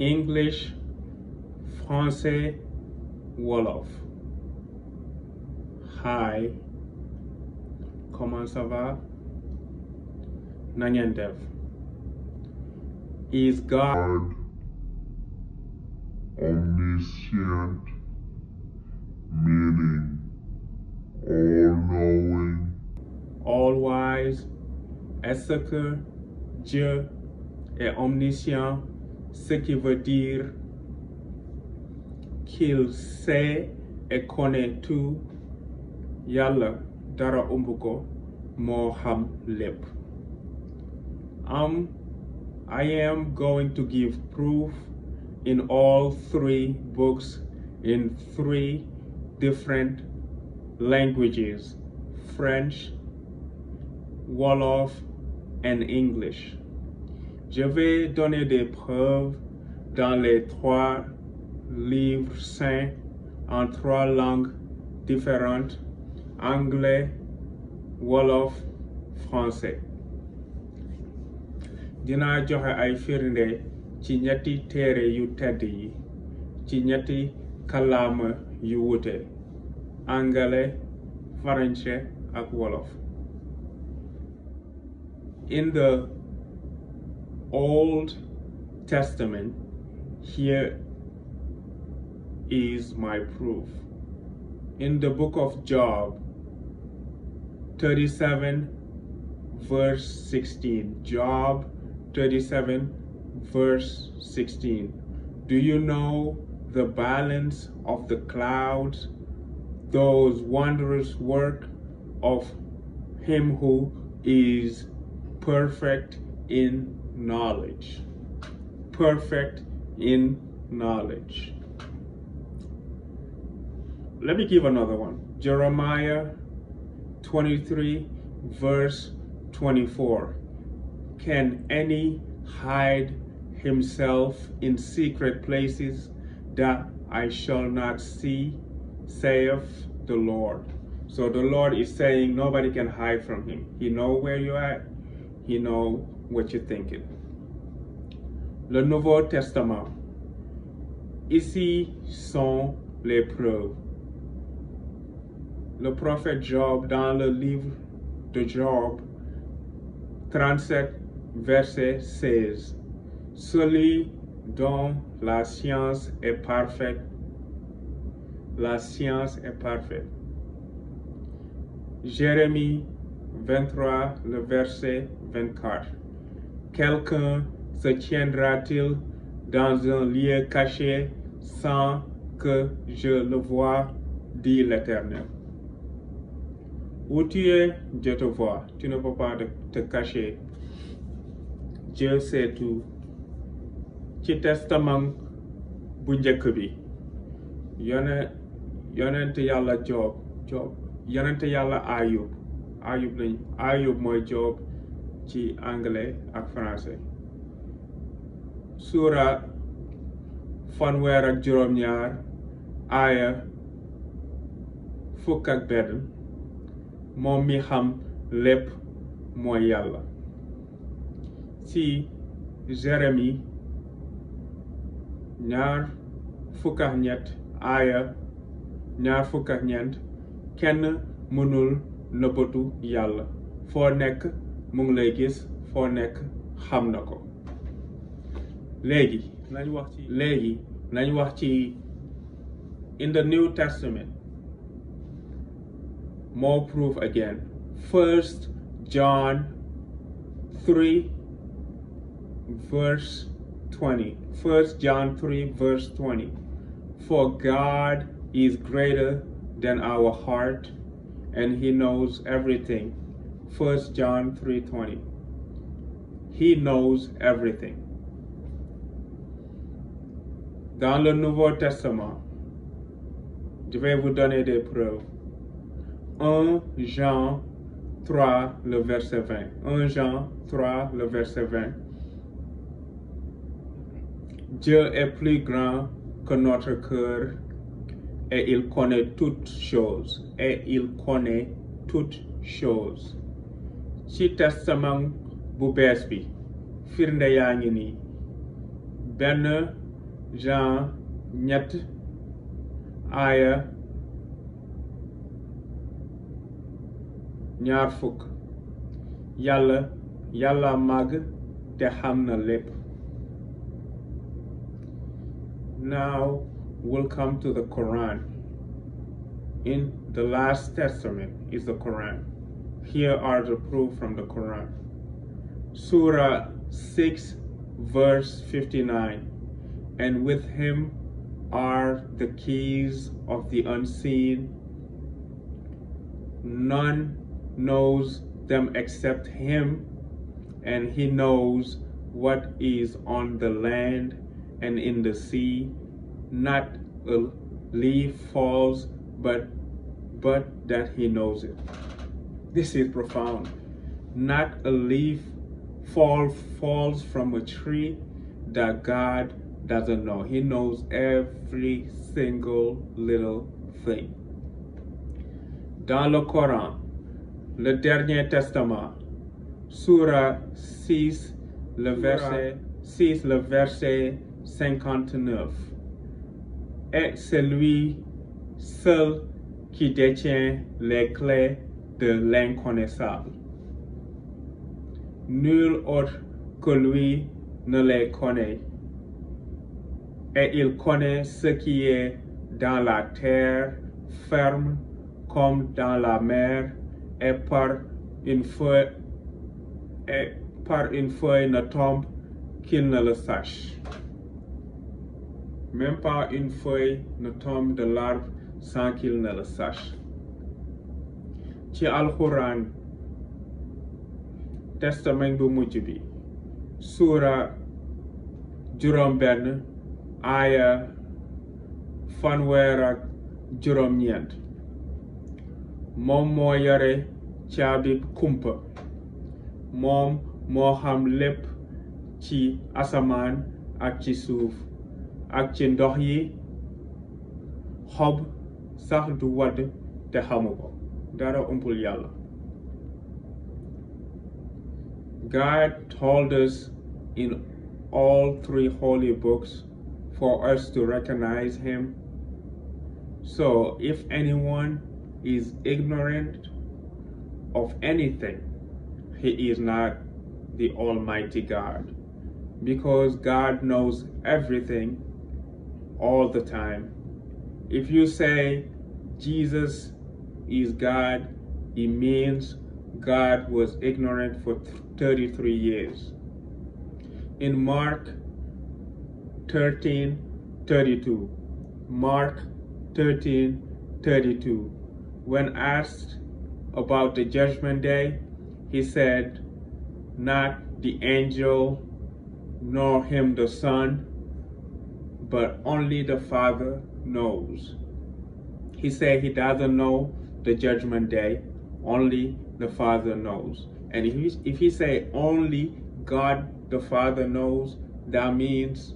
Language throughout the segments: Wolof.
English, français, Wolof. Hi, comment va? Nanyandev. Is God omniscient, meaning all-knowing, que Dieu est omniscient? ce qui veut dire qu'il yàlla dara umb ko moo xam lépp am I am going to give proof in all three books in three different languages French, Wolof, and English. Je vais donner des preuves dans les trois livres saints en trois langues différentes, anglais, wolof, français. dina joxe ay firnde ci ñetti téere yu tedd yi ci ñetti kalama yu wuute anglais français ak wolof Old Testament, here is my proof. In the book of Job 37 verse 16. Job 37 verse 16. Do you know the balance of the clouds, those wondrous work of him who is perfect in knowledge. Perfect in knowledge. Let me give another one. Jeremiah 23, verse 24. Can any hide himself in secret places that I shall not see, saith the Lord? So the Lord is saying nobody can hide from him. He know where you're at. he know what you're Le Nouveau Testament. Ici sont les preuves. Le prophète Job, dans le livre de Job, 37, verset 16. Celui dont la science est parfaite, la science est parfaite. Jérémie 23, le verset 24. Quelqu'un se tiendra-t-il dans un lieu caché sans que je le voie, dit l'Éternel. Où tu es, je te vois. Tu ne peux pas te cacher. Dieu sait tout. ci testament bu njëkk bi yone yonent yàlla Joob ayub lañ ayub mooy job ci anglais ak français suura fanweer ak juróom-ñaar aaya fukk ak benn moom mi xam lépp mooy yàlla ci Jérémie ñaar fukk kenn mënul nëbbatu yàlla foo nekk mu ngi lay gis foo nekk xam na ko léegi nañ wax ci léegi nañ wax ci in the New Testament more proof again first John 3 verse 20 for God is greater than our heart and he knows everything. 1 John 3:20. He Dans le Nouveau Testament, je vais vous donner des preuves. un Jean 3, le verset 20. 1 Jean le verset 20. Dieu est plus grand que notre cœur et il ci testament bu bees bi firnde yaa ngi ni benn Jean ñett aaya ñaar yàlla yàlla te xam na lépp naaw will come to the Quran. In the last testament is the Quran. Here are the proof from the Quran. Surah 6 verse 59 and with him are the keys of the unseen none knows them except him and he knows what is on the land and in the sea not a leaf falls, but but that he knows it. This is profound. Not a leaf falls from a tree that God doesn't know. He knows every single little thing. Dans le Coran, le Dernier Testament, Surah 6, le verset, 6, le est celui seul qui détient les clés de l'inconnaissable. Nul autre que lui ne les connaît. Et il connaît ce qui est dans la terre ferme comme dans la mer et par une feuille, et qu'il ne le sache. Même pas une feuille ne ci alxuraan testament bu mujj bi suura juróom benn aaya fanweer ak juróom moom moo yore caabi kumpa moom moo xam lépp ci asamaan ak ci suuf ak ci ndox yi xob sax te xamu ko dara umpul yàlla God told us in all three holy books for us to recognize him. So if anyone is ignorant of anything, he is not the Almighty God because God knows everything all the time. If you say Jesus is God, it means God was ignorant for 33 years. In Mark 13 32, Mark 13 32, when asked about the judgment day, he said, Not the angel, nor him the son, but only the Father knows. He said he doesn't know the judgment day, only the Father knows. And if he, if only God the Father knows, that means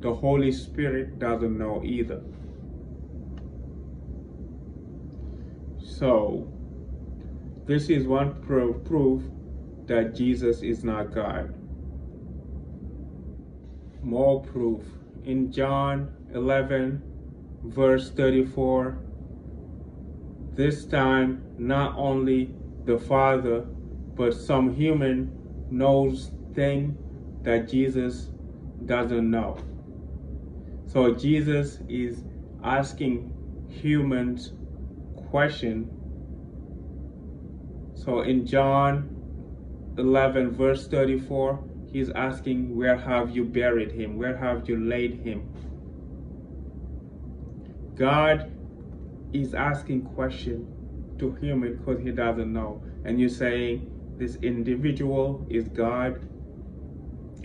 the Holy Spirit doesn't know either. So, this is one proof that Jesus is not God. More proof in John 11, verse 34. This time, not only the Father, but some human knows things that Jesus doesn't know. So Jesus is asking humans question. So in John 11 verse 34, He's asking, Where have you buried him? Where have you laid him? God is asking question to him because he doesn't know. And you're saying this individual is God.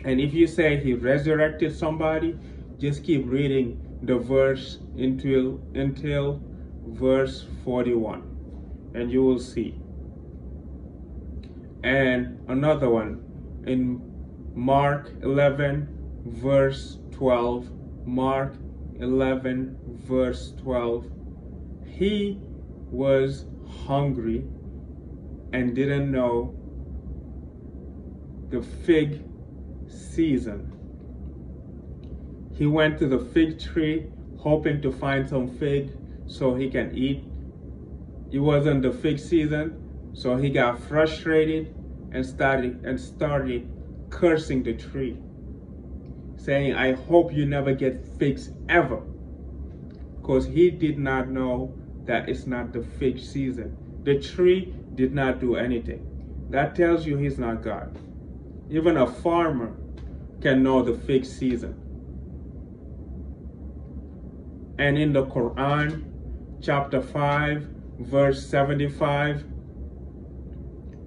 And if you say he resurrected somebody, just keep reading the verse until until verse 41 and you will see. And another one Mark 11, verse 12. Mark 11, verse 12. He was hungry and didn't know the fig season. He went to the fig tree hoping to find some fig so he can eat. It wasn't the fig season, so he got frustrated and started and started cursing the tree, saying, I hope you never get figs ever. Because he did not know that it's not the fig season. The tree did not do anything. That tells you he's not God. Even a farmer can know the fig season. And in the Quran, chapter 5, verse 75,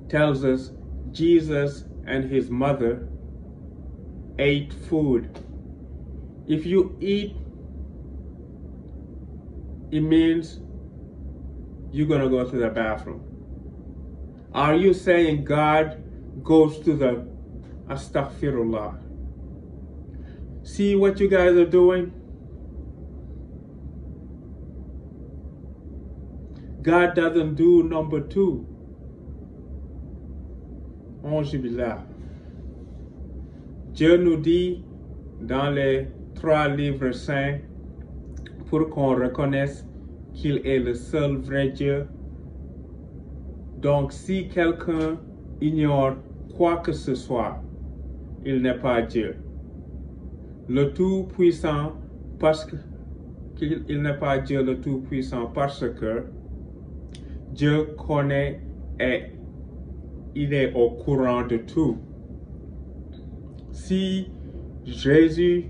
tells us Jesus and his mother ate food. If you eat, it means you're going to go to the bathroom. Are you saying God goes to the astaghfirullah? See what you guys are doing? God doesn't do number two. Onjubillah. Dieu nous dit dans les trois livres saints pour qu'on reconnaisse qu'il est le seul vrai Dieu. Donc si quelqu'un ignore quoi que ce soit, il n'est pas Dieu. Le Tout-Puissant, parce parce que Dieu connaît et il est au courant de tout. Si Jésus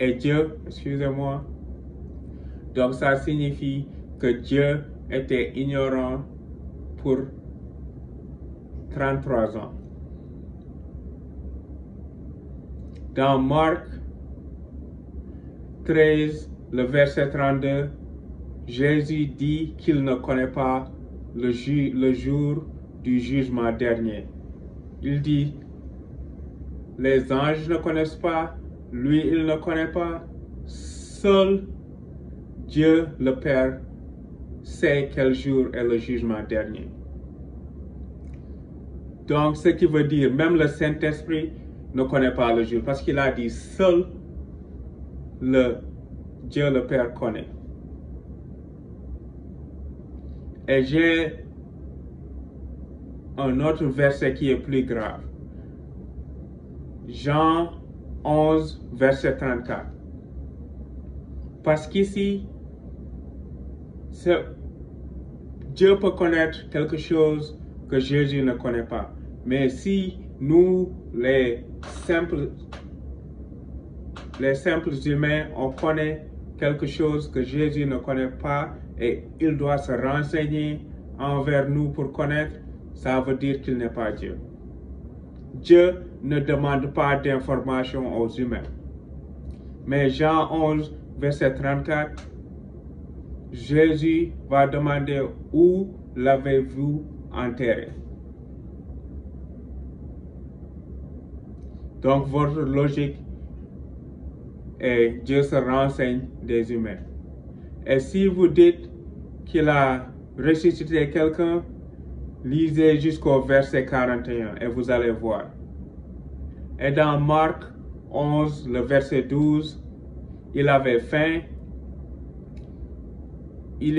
est Dieu, excusez-moi, donc ça signifie que Dieu était ignorant pour 33 ans. Dans Marc 13, le verset 32, Jésus dit qu'il ne connaît pas le, le jour du jugement dernier. Il dit, les anges ne connaissent pas, lui il ne connaît pas, seul Dieu le Père sait quel jour est le jugement dernier. Donc, ce qui veut dire, même le Saint-Esprit ne connaît pas le jour, parce qu'il a dit, seul le Dieu le Père connaît. Et j'ai un autre verset qui est plus grave. Jean 11, verset 34. Parce qu'ici, Dieu peut connaître quelque chose que Jésus ne connaît pas. Mais si nous, les simples, les simples humains, on connaît quelque chose que Jésus ne connaît pas et il doit se renseigner envers nous pour connaître, ça veut dire qu'il n'est pas Dieu. Dieu ne demande pas d'informations aux humains. Mais Jean 11, verset 34, Jésus va demander où l'avez-vous enterré. Donc votre logique est Dieu se renseigne des humains. Et si vous dites qu'il a ressuscité quelqu'un, Lisez jusqu'au verset 41 et vous allez voir. Et dans Marc 11, le verset 12, il avait faim. Il,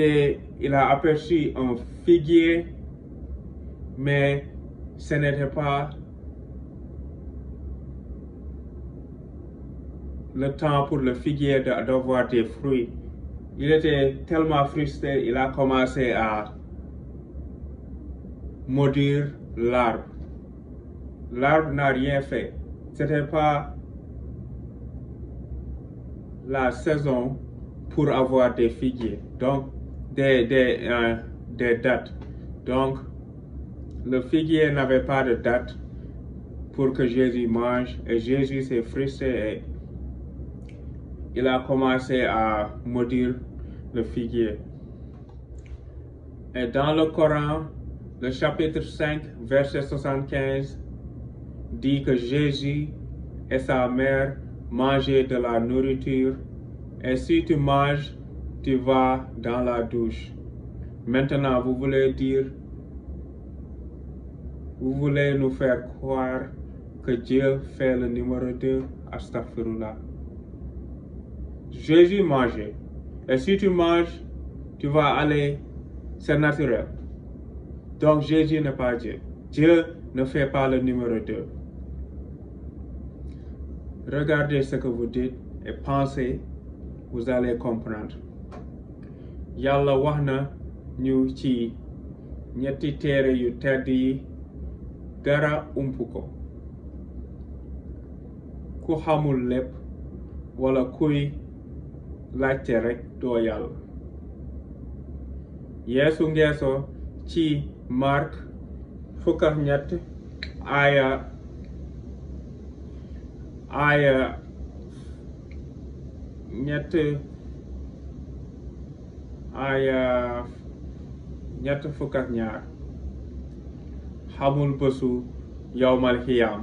il a aperçu un figuier, mais ce n'était pas le temps pour le figuier d'avoir de, de des fruits. Il était tellement frustré, il a commencé à maudire l'arbre. L'arbre n'a rien fait. C'était pas la saison pour avoir des figuiers, donc euh, des, dates. Donc, le figuier n'avait pas de date pour que Jésus mange et Jésus s'est frustré et il a commencé à maudire le figuier. Et dans le Coran, le chapitre 5, verset 75, dit que Jésus et sa mère mangeaient de la nourriture, et si tu manges, tu vas dans la douche. Maintenant, vous voulez dire, vous voulez nous faire croire que Dieu fait le numéro 2, Astaghfirullah. Jésus mangeait, et si tu manges, tu vas aller, c'est naturel. Donc Jésus n'est pas Dieu. Dieu ne fait pas le numéro 2. Regardez ce que vous dites et pensez, vous allez comprendre. yàlla wax na ñu ci ñetti téere yu tedd yi dara ump ko ku xamul lépp walla kuy laajte rekk doo yàlla yeesu ngeesoo ci Marc fukk ak ñett aaya aaya ñett aaya ñett fukk ñaar xamul bésu yowmal xiyaam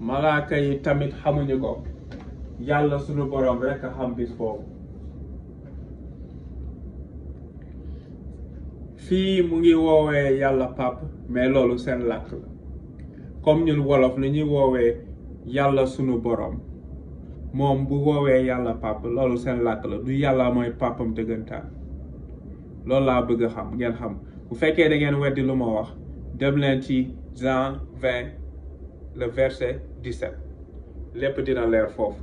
malaaka yi tamit xamuñu ko yàlla sunu borom rekk xam bis boobu fii mu ngi woowee yàlla pap mais loolu seen làkk la comme ñun wolof ni ñuy woowee yàlla sunu boroom moom bu woowee yàlla pap loolu seen làkk la du yàlla mooy papam dëggantaan loolu laa bëgg a xam ngeen xam bu fekkee da ngeen weddi lu ma wax dem leen ci Jean 20 le di set lépp dina leer foofu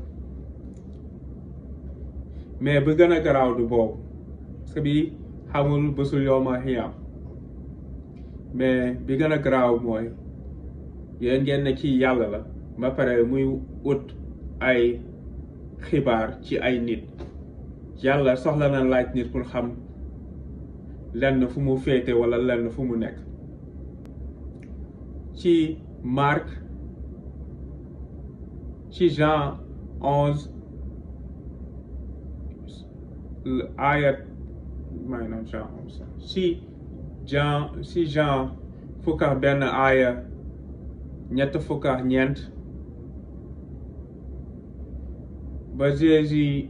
mais bu gën garaaw du boobu parce que xamul bésul yowma xiyam mais bi gën a garaaw mooy yéen ngeen ne kii yàlla la ba pare muy ut ay xibaar ci ay nit yàlla soxla na laaj nit pour xam lenn fu mu féete wala lenn fu mu nekk ci Marc ci Jean onze ayat may noon Jean si Jean si Jean fukk benn aaya ñett fukk ak ñeent ba Jésus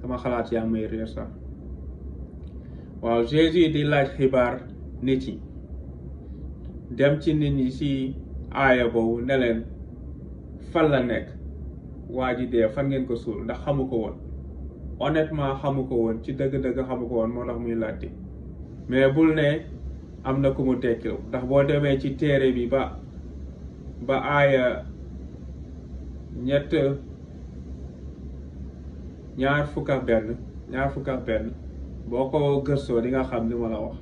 dama xalaat yaa may réer sax waaw Jésus di laaj xibaar nit yi dem ci nit ñi ci aaya boobu ne fan la nekk waa ji dee fan ngeen ko suul ndax xamu ko woon honnêtement xamu ko woon ci dëgg-dëgg xamu ko woon moo tax muy laajte mais bul ne am na ku mu tekkil ndax boo demee ci téere bi ba ba aaya ñett ñaar fukk benn ñaar fukk benn boo ko gëstoo di nga xam li ma la wax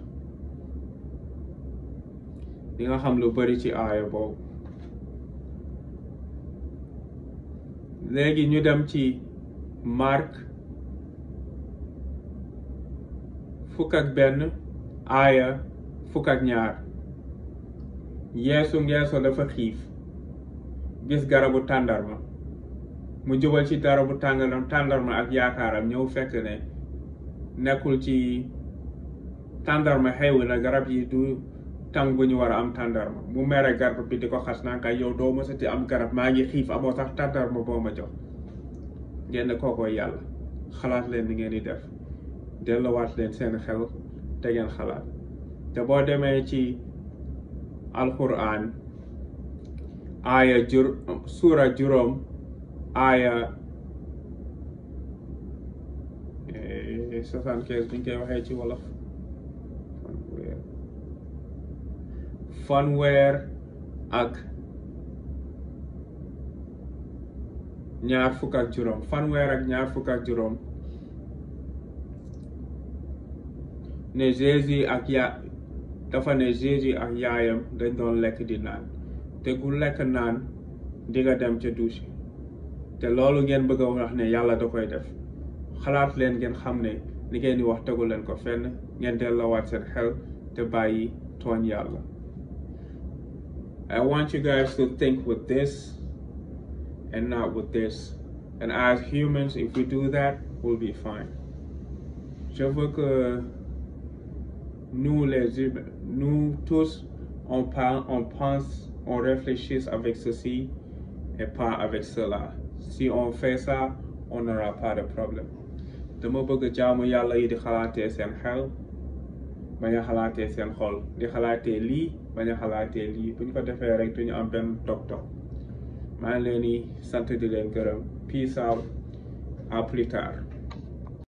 di nga xam lu bari ci aaya boobu léegi ñu dem ci Marc fukk ak benn aaya fukk ak ñaar yeesu ngeeso dafa xiif gis garabu tàndarma mu jubal ci garabu tàngalam tàndarma ak yaakaaram ñëw fekk ne nekkul ci tàndarma xew na garab yi du tam bu ñu war a am tàndarma mu mere garab bi di ko xas naa kay yow doo mësati am garab maa ngi xiif amoo sax tàndarma boo ma jox ngeen kookoo yàlla xalaat leen ngeen di def delluwaat leen seen xel te ngeen xalaat te boo demee ci alquran aaya jur suura juróom aaya eh, soixante-quinze bi ñu waxee ci wolof fanweer ak ñaar fukk ak juróom fanweer ak ñaar fukk ak juróom ne Jésus ak ya dafa ne Jésus ak yaayam dañ doon lekk di naan te ku lekk naan di nga dem ca douche te loolu ngeen bëgg a wax ne yàlla da koy def xalaat leen ngeen xam ne li ngeen di wax tegu leen ko fenn ngeen delluwaat seen xel te bàyyi tooñ yàlla I want you guys to think with this and not with this. And as humans, if we do that, we'll be fine. Je veux que nous, les humains, nous tous, on parle, on pense, on réfléchisse avec ceci et pas avec cela. Si on fait ça, on n'aura pas de problème. dama bëgg jaamu yàlla yi di xalaatee seen xel bañ a xalaatee seen xol di xalaatee lii bañ a xalaatee lii buñ ko defee rek duñu am benn toog-toog maa ngi leen di sant leen gërëm peace out à plus